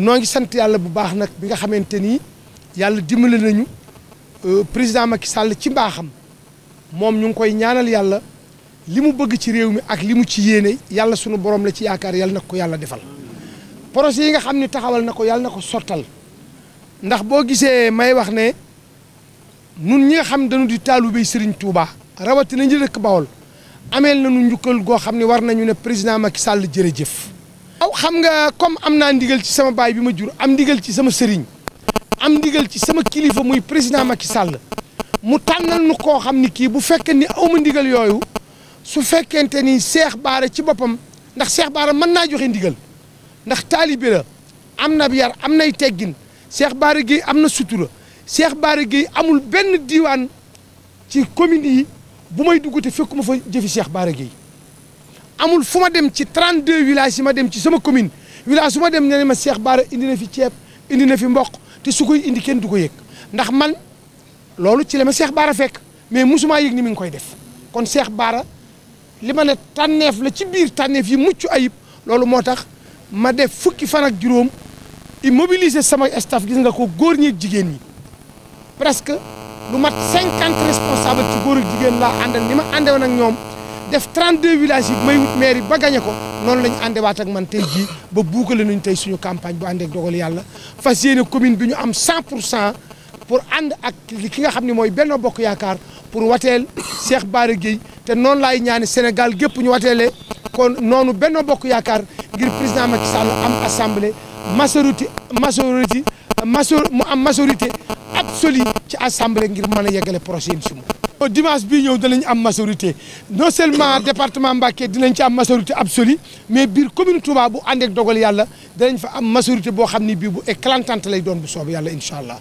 noo ngi sant yàlla bu baax nag bi nga xamante ni yàlla dimbali nañu euh, président Macky sàll ci mbaaxam moom ñu ngi koy ñaanal yàlla li mu bëgg ci réew mi ak li mu ci yéene yàlla sunu borom la ci yaakaar yàlla na ko yàlla defal projet yi nga xam ni taxawal na ko yàlla na ko sottal ndax boo gisee may wax ne nun ñi nga xam dañu di taalubéy Serigne Touba rawatina ñi dëkk Bawol ameel nañu njukkal goo xam ne war nañu ne président Macky Sall jërëjëf. aw xam nga comme am naa ndigal ci sama baay bi ma jur am ndigal ci sama sëriñ am ndigal ci sama kilifa muy président Macky Sall mu tànnal koo xam ni kii bu fekkee ni awma ndigal yooyu. su fekkente ni Cheikh Bara ci boppam ndax seex baara mën naa joxe ndigal ndax taalibe la am na yar am nay teggin Cheikh Bara Gueye am na sutura Cheikh Bara Gueye amul benn diiwaan ci commune yi bu may dugg te fekkuma fa jëfi Cheikh Bara Gueye amul fu ma dem ci 32 villages yi ma dem ci sama commune village su ma dem ne ma Cheikh Bara indi na fi ceeb indi na fi mboq te su koy indi kenn du ko yëg ndax man loolu ci la ma Cheikh Bara fekk mais mosumaa yëg ni mi ngi koy def kon Cheikh baara li ma ne tànneef la ci biir tànneef yi mucc ayib loolu moo tax ma def fukki fan ak juróom immobiliser sama staff gis nga ko góor ñi ak jigéen ñi presque lu mat cinquante responsable ci góor ak jigéen laa àndal ni ma àndewoon ak ñoom def 32 villages yi may wut maire yi ba gañe ko noonu la ñu àndewaat ak man tey jii ba buukale nañu tey suñu campagne bu àndee ak dogal yàlla fas yéene commune bi ñu am 100 pour cent pour ànd ak ki nga xam ni mooy Benno Bokk Yaakaar pour wateel Cheikh baare Gueye te noonu laay ñaani Sénégal gépp ñu wateele kon noonu Benno Bokk Yaakaar ngir président Macky Sall am assemblée majorité majorité mu am majorité absolue ci assemblée ngir mën a yeggale projet yi mu au bii ñëw danañ am majorité non seulement département Mbacké dinañ ci am majorité absolue mais biir commune Touba bu ànd ak dogal yàlla danañ fa am majorité boo xam ne bii bu éclatante lay doon bu soobu yàlla incha allah.